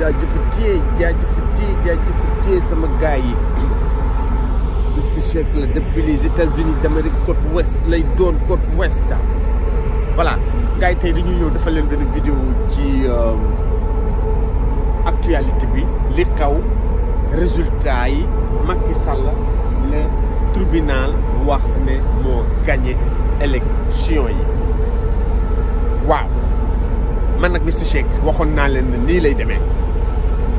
jaajëfatee jaajëfatee jaajëfatee sama gaay yi Mister Shake la depuis les États-Unis d'Amérique côte ouest lay doon côte ouest voilà gaay yi tey dañuy ñëw defal leen benn vidéo ci euh, actualité bi li xaw résultat yi Macky Sall le tribunal wax ne moo gagné élection yi waaw man nag Mister Shake waxoon naa leen ne nii lay demee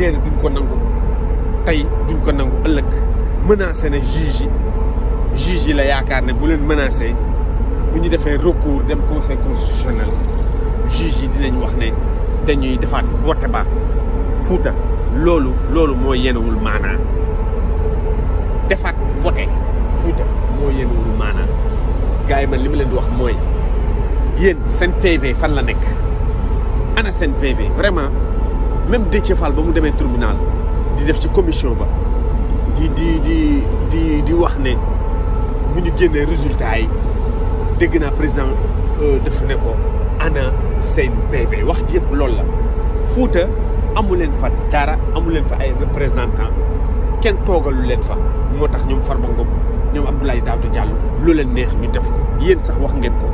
nee na duñ ko nangu tey duñ ko menacé juge juge la yaakaar ne bu leen menacé bu recours dem conseil constitutionnel juge yi dinañ wax ne dañuy defaat Futa, ba fuuta loolu loolu moo yenewul maanaa defaat fuuta moo yenewul maanaa gars man li leen di wax PV fan la ana seen PV vraiment même Déthié Fall ba mu demee tribunal di def ci commission ba di di di di di wax ne bu ñu génnee résultat yi dégg naa président euh, daf ne ko ana seen PV wax ji yëpp loolu la Fuuta amu leen fa dara amu leen fa ay représentant kenn toogalu leen fa moo tax ñoom Farba Ngom ñoom Abdoulaye Daouda Diallo lu leen neex ñu def ko yéen sax wax ngeen ko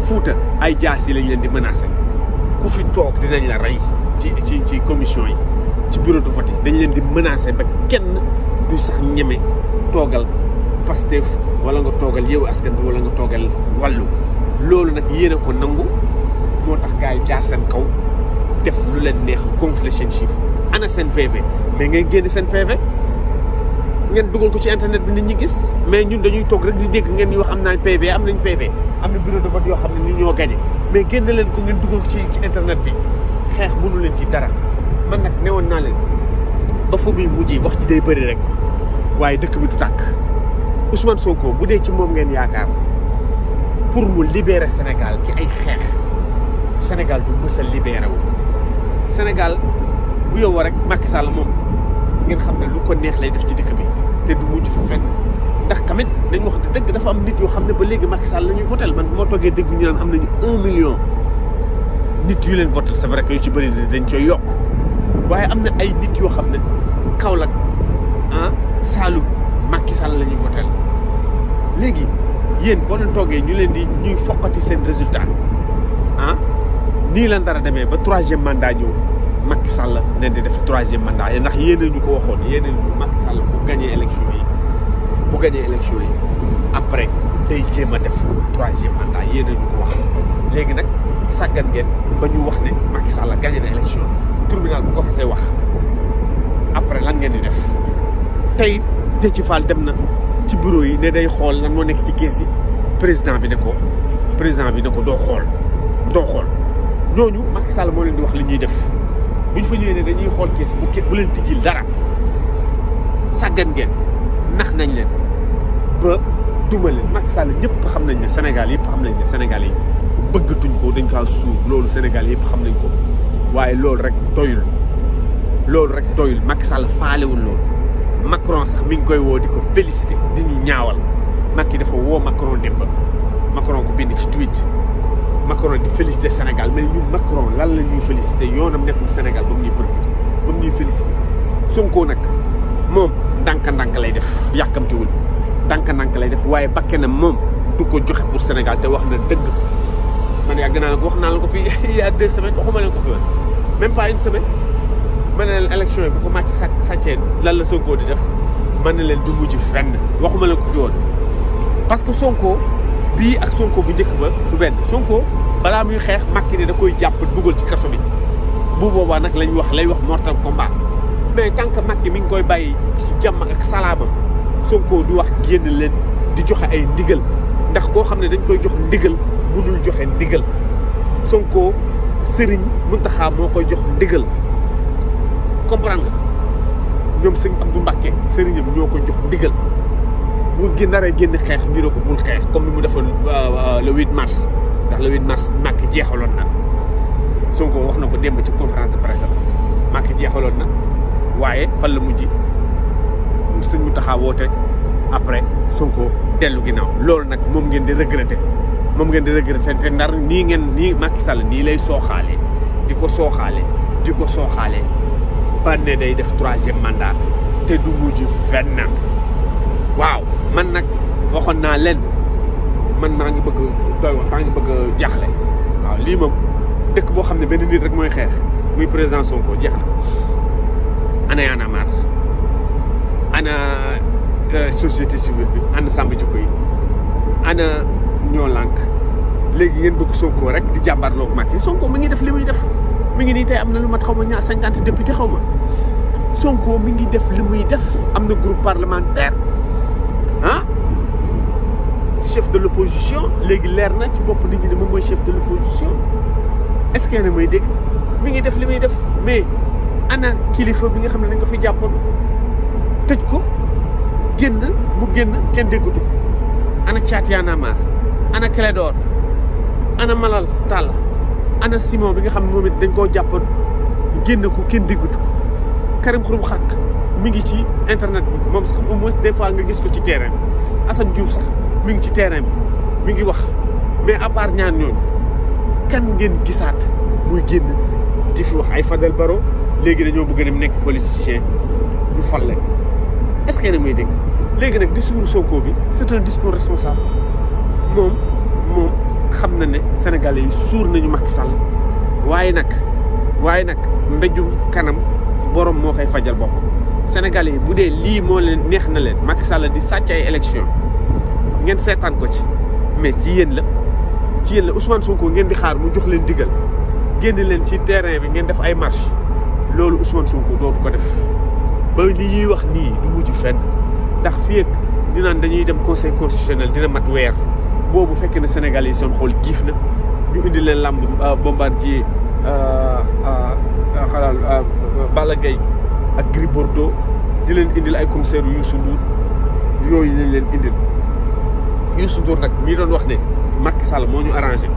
Fuuta ay jaas yi lañ leen di menacé ku fi toog dinañ la rey ci ci ci commission yi ci bureau de vote dañ leen di menacer ba kenn du sax ñeme toogal Pastef wala nga toogal Yewwi Askan Wi wala nga toogal wàllu loolu nag yéen ko nangu moo tax gars yi jaar seen kaw def lu leen neex gonfler seen chiffre ana seen PV mais ngeen génn seen PV ngeen dugal ko ci internet bi nit ñi gis mais ñun dañuy toog rek di dégg ngeen di wax am naa PV am nañ PV am na bureau de yoo xam ne ñu ñoo gagné mais génn leen ko ngeen dugal ko ci ci internet bi xeex mënu leen ci dara man nag newoon naa leen ba fu muy mujj wax ji day bëri rek waaye dëkk bi du tàkk Ousmane Sonko bu dee ci moom ngeen yaakaar pour mu libérer Sénégal ki ay xeex Sénégal du mës a libéré Sénégal bu yowoo rek Macky moom ngeen xam ne lu ko neex lay def ci dëkk bi te du mujj fu fenn ndax tamit dañ wax dëgg dafa am nit yoo xam ne ba léegi Macky Sall la ñuy man bu ma toggee dégg ñu naan am nañu un million. nit yu leen voté c'est vrai que yu ci bëri dañ cooy yokk waaye am na ay nit yoo xam ne Kaolack ah Saalum Macky Sall lañuy votel voté léegi yéen boo leen toogee ñu leen di ñuy foqati seen résultat ah nii lan dara demee ba troisième mandat ñëw Macky Sall nen di def troisième mandat ndax yéen ñu ko waxoon yéen ñu Macky Sall bu gagné élection yi bu gagné élection yi après day jéem a def troisième mandat yéen ñu ko wax léegi nag. sàggan ngeen ba ñu wax ne Macky Sall gagné na élection tribunal bu ko xasee wax après lan ngeen di def tey Déthié Fall dem na ci bureau yi ne day xool lan moo nekk ci gees yi président bi ne ko président bi ne ko doo xool doo xool ñooñu Macky Sall moo leen di wax li ñuy def bu ñu fa ñëwee ne dañuy xool kees bu ke bu leen tijjil dara sàggan ngeen nax nañ leen ba duma leen Macky Sall ñëpp xam nañ ne Sénégal yëpp xam nañ ne Sénégal yi bëggatuñ ko dañ kaa suur loolu Sénégal yëpp xam nañ ko waaye loolu rek doyul loolu rek doyul Macky Sall faalewul loolu Macron sax mi ngi koy woo di ko félicité di ñu ñaawal Macky dafa woo Macron démb Macron ko bind ci tweet Macron di félicité Sénégal mais ñun Macron lan la ñuy félicité yoonam nekkul Sénégal ba mu ñuy profité ba mu ñuy félicité Sonko nag moom ndànk-ndànk lay def yàkkamtiwul ndànk-ndànk lay def waaye bakkenam moom du ko joxe pour Sénégal te wax na dëgg man yàgg naa la ko wax naa la ko fi il y a waxuma leen ko fi woon même pas une semaine ma ne yi bu ko màcc sa sàccee lan la Sonko di def ma ne leen du mujj fenn waxuma leen ko fi woon. parce que Sonko bii ak Sonko bu njëkk ba du benn Sonko balaa muy xeex Macky ne da koy jàpp dugal ci kaso bi bu boobaa nag lañ wax lay wax mortal combat mais tant que Macky mi ngi koy bàyyi ci jàmm ak salaamam Sonko du wax génn leen di joxe ay ndigal ndax koo xam ne dañ koy jox ndigal. mënul joxe ndigal Sonko Serigne taxaa moo koy jox ndigal comprendre nga ñoom sëñ Abdou Mbacke Serigne ñoo koy jox ndigal bu gi naree génn xeex ñu ne ko bul xeex comme ni mu defoon euh, euh, le 8 mars ndax le 8 mars Macky jeexaloon na Sonko wax na ko démb ci conférence de presse la jeexaloon na waaye fan la mujj sëñ Mountakha woote après Sonko dellu ginnaaw loolu nag moom ngeen di regretter. moom ngeen di regretté te ndar nii ngeen nii Macky Sall nii lay sooxaale di ko sooxaale di ko sooxaale ba ne day def troisième mandat te du mujj fenn waaw man nag waxoon naa leen man maa ngi bëgg doy maa bëgg jaaxle waaw lii moom dëkk boo xam ne benn nit rek mooy xeex muy président Sonko jeex na ana Y'en a ana euh, société civile bi ana sàmm jikko ana ñoo lànk léegi ngeen bëgg Sonko rek di jàmbarloog Macky Sonko mi ngi def li muy def mi ngi nii am na lu mat xaw ma ñaar cinquante député xaw ma Sonko mi ngi def li def am na groupe parlementaire ah chef de l'opposition léegi leer na ci bopp nit ñi ne moom mooy chef de l'opposition est-ce may dégg mi ngi def li muy def mais ana kilifa bi nga xam ne dañ ko fi jàppoon tëj ko génn mu génn kenn déggatu ko ana caat ana Clédor ana Malal Talla ana Simon bi nga xam ne moom it dañ koo jàppoon génn ko kenn déggutu Karim Xurum Xaq mu ngi ci internet bi moom sax au des fois nga gis ko ci terrain bi Assane mi ngi ci terrain bi mi ngi wax mais à part ñaan ñooñu kan ngeen gisaat muy génn di fi ay Fadel Baro léegi dañoo bëgg mu nekk politicien ñu fal leen est-ce que ne muy dégg léegi nag discours Sonko bi c'est un discours responsable moom moom xam na ne sénégalais yi suur nañu Macky Sall waaye nag waaye nag mbéjum kanam borom moo koy fajal boppam sénégalais yi bu dee lii moo leen neex na leen Macky Sall di sàcc ay élection ngeen seetaan ko ci mais ci yéen la ci yéen la Ousmane Sonko ngeen di xaar mu jox leen diggal génn leen ci terrain bi ngeen def ay marche loolu Ousmane Sonko dootu ko def ba li ñuy wax nii du mujj fenn ndax fii ak ñu dañuy dem conseil constitutionnel dina mat weer. boobu fekkee ne Sénégal yi seen xool jiif na ñu indi leen làmb euh, bombardier euh, euh, xanaa Balla Gaye ak Gris Bordeaux di leen indil ay concert yu Youssou yooyu lañ leen indil Youssou Ndour nag mii doon wax ne Macky Sall moo ñu arrangé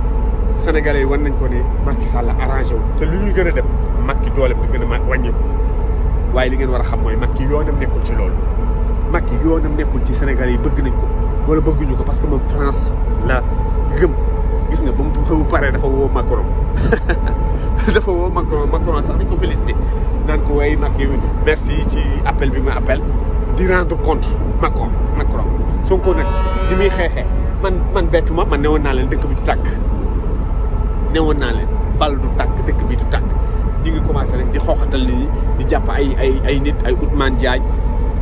Sénégalais yi wan nañ ko ne Macky sàll arrangé wu te lu ñuy gën a dem Macky dooleem di gën a wàññi waaye li ngeen war a xam mooy yoo yoonam nekkul ci loolu Macky yoonam nekkul ci Sénégalais yi bëgg nañ ko. wala bëgguñu ko parce que mom France la gëm gis nga bu mu paré dafa wo Macron dafa wo Macron Macron sax dañ féliciter nan ko way Macky merci ci appel bi ma appel di rendre compte Macron Macron Sonko nak di mi xexé man man bettu man néwon na leen dëkk bi ci tak néwon na leen bal du tak dëkk bi du tak ñu ngi commencé rek di xoxatal nit ñi di japp ay ay ay nit ay Ousmane Diagne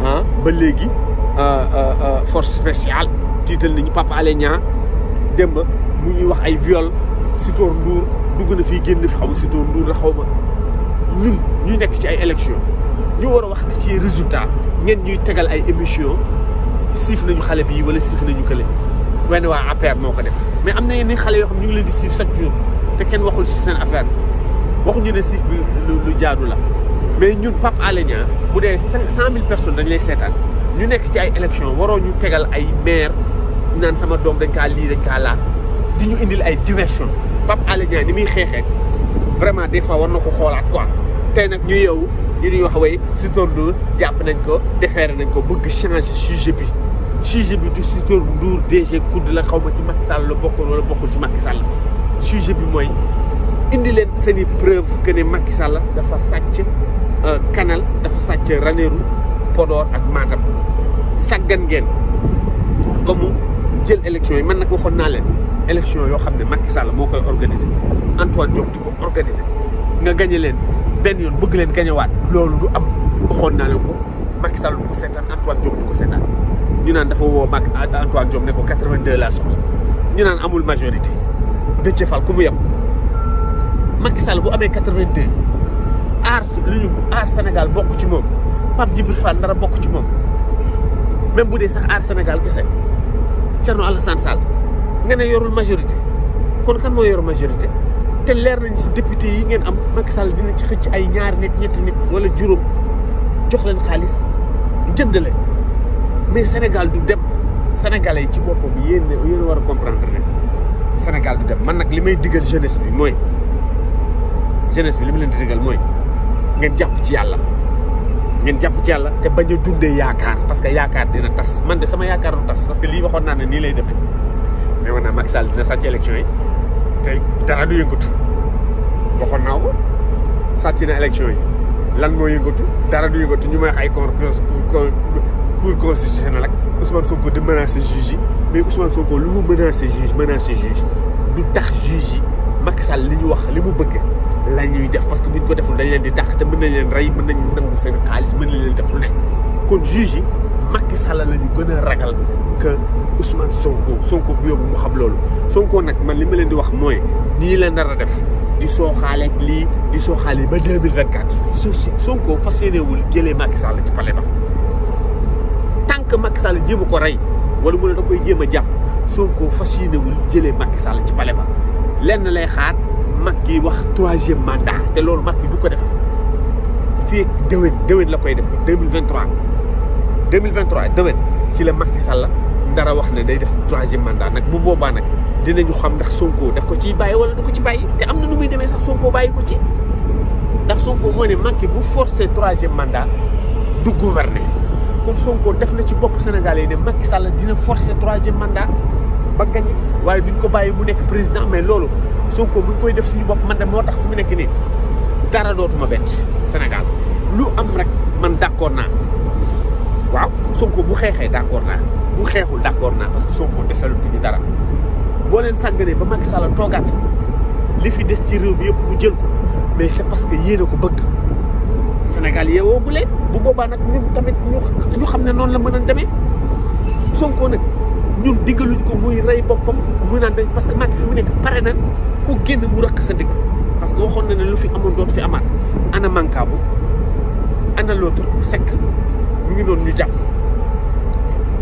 han ah, ba légui Euh, euh, euh, force spéciale tiital nañu Pape Alé Niang démb mu ñuy wax ay viol Sitor Ndour dugg na fii génn fi xaw si Sitor Ndour la xaw ma ñun ñu nekk ci ay élection ñu war a wax ci résultat ngeen ñuy tegal ay émission siif nañu xale bii wala siif nañu kële wenn waa APR moo ko def mais am na yenn xale yoo xam ñu ngi leen di siif chaque jour te kenn waxul ci seen affaire waxuñu ne siif bi lu jaadu la mais ñun Pape Alé bu dee cinq cent mille personnes dañu lay seetaan ñu nekk ci ay élection waroo ñu tegal ay maire naan sama doom dañ ka lii dañ kaa laa di ñu indil ay diversion Pape Alé Niang ni muy xeexee vraiment des fois war na ko xoolaat quoi tey nag ñu yow ñu ñuy wax way Sitor Ndour jàpp nañ ko defeere nañ ko bëgg changer sujet bi sujet bi du Sitor Ndour DG COUD la xaw ma ci Macky Sall la bokkul wala bokkul ci Macky Sall sujet bi mooy indi leen seen i preuve que ne Macky Sall dafa sàcc canal euh, dafa sàcc Ranérou Podor ak Matam saggan ngeen ba mu jël élection yi man nag waxoon naa leen élection yoo xam ne Macky Sall moo koy organiser Antoine Diop di ko organiser nga gañe leen benn yoon bëgg leen gañewaat loolu du am waxoon naa leen ko Macky Sall du ko seetaan Antoine Diop du ko seetaan ñu naan dafa woo Macky ah, Antoine Diop ne ko 82 laa soxla ñu naan amul majorité Déthié Fall ku mu yem Macky Sall bu amee 82 aar lu ñu aar Sénégal bokk ci moom Pape Djibril Fall dara bokk ci moom. même bu dee sax aar Sénégal kese Thierno Alassane Sall nga ne yorul majorité kon kan moo yor majorité te leer nañ si député yi ngeen am Macky Sall dina ci xëcc ay ñaari nit ñetti nit wala juróom jox leen xaalis jënd leen mais Sénégal du dem Sénégalais yi ci boppam yéen a yéen war a comprendre ne Sénégal du dem man nag li may digal jeunesse bi mooy jeunesse bi li mu leen di digal mooy ngeen jàpp ci yàlla. ngeen jàpp ci yàlla te bañ a dundee yaakaar parce que yaakaar dina tas man de sama yaakaar du tas parce que lii waxoon naa ne nii lay demee mais maanaam Macky Sall dina sàcc élection yi te dara du yëngatu waxoon naa ko sàcc na élection yi lan moo yëngatu dara du yëngatu ñu may xay ay cour constitutionnel ak Ousmane Sonko di menacer juge yi mais Ousmane Sonko lu mu menacer juge menacer juge du tax juge yi. Macky Sall li ñu wax li mu bëgg la ñuy def parce que ñu ko deful dañ leen di dàq te mën nañ leen rey mën nañ nangu seen xaalis mën nañ leen def lu ne kon juge yi Macky Sall la ñu gën a ragal que Ousmane Sonko Sonko bu yóbbu mu xam loolu Sonko nag man li ma leen di wax mooy nii leen nar a def di sooxaale ak lii di sooxaale ba deux mille vingt quatre Sonko fas yéenewul jëlee Macky Sall ci pale ba tant que Macky Sall jéem a ko rey wala mu ne da koy jéem a jàpp. Sonko fas yéenewul jëlee Macky Sall ci palais ma lenn lay xaar Macky wax troisième mandat te loolu Macky du ko def fii déwén déwén la koy def 2023 2023 déwén ci la Macky Sall dara wax ne day def troisième mandat nag bu boobaa nag ñu xam ndax Sonko daf ko ci bàyyi wala du ko ci bàyyi te am na nu muy demee sax Sonko bàyyi ko ci ndax Sonko moo ne Macky bu forcé troisième mandat du gouverner. kon Sonko def na ci bopp Sénégalais ne Macky Sall dina forcer troisième mandat ba gagné waaye duñ ko bàyyi bu nekk président mais loolu Sonko buñ koy def suñu bopp man de moo tax fu mu nekk nii dara dootuma bett Sénégal lu am rek man d' accord naa waaw Sonko bu xeexee d' accord naa bu xeexul d' accord naa parce que Sonko desalutuñu dara boo leen sàgganee ba Macky Sall toogaat li fi des ci réew bi yëpp mu jël ko mais c' est parce que yéen a ko bëgg. Sénégal yeewoogu leen bu boobaa nag ñun tamit ñu xam ne noonu la mën a demee Sonko nag ñun diggaluñ ko muy rey boppam muy naan dañ parce que Macky fi mu nekk pare na ku génn mu rëq sa dëkk parce que waxoon na ne lu fi amoon doot fi amaat ana Mankaabu ana l'autre Seck ñu ngi noonu ñu jàpp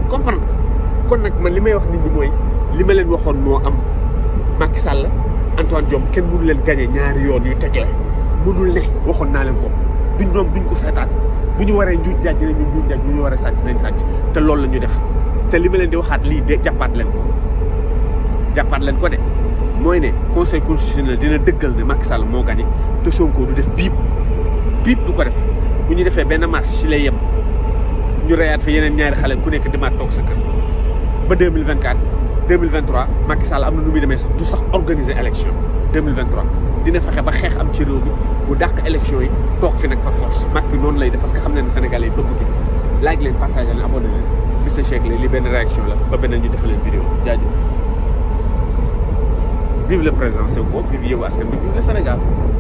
comprendre kon nag man li may wax nit ñi mooy li ma leen waxoon moo am Macky Sall Antoine Diome kenn mënu leen gagné ñaari yoon yu tegle mënul ne waxoon naa leen ko duñ ñoom duñ ko seetaan bu ñu waree njuuj njaaj dinañ njuuj njaaj bu ñu waree sàcc dinañ sàcc te loolu la ñu def te li ma leen di waxaat lii de jàppaat leen ko jàppaat leen ko de mooy ne conseil constitutionnel dina dëggal ne Macky Sall moo gagné te Sonko du def biip biip du ko def bu ñu defee benn marche ci lay yem ñu reyaat fi yeneen ñaari xale ku nekk demaat toog sa kër ba 2024 2023 Macky Sall am na nu muy demee sax du sax organiser élection 2023 dina fexe ba xeex am ci réew mi bu dàq élection yi toog fi nag par force Macky noonu lay def parce que xam ne Sénégalais yi bëggutuñ like leen partage leen abonné leen Mister la li benn réaction la ba beneen ñu defa leen vidéo jaajëf vive le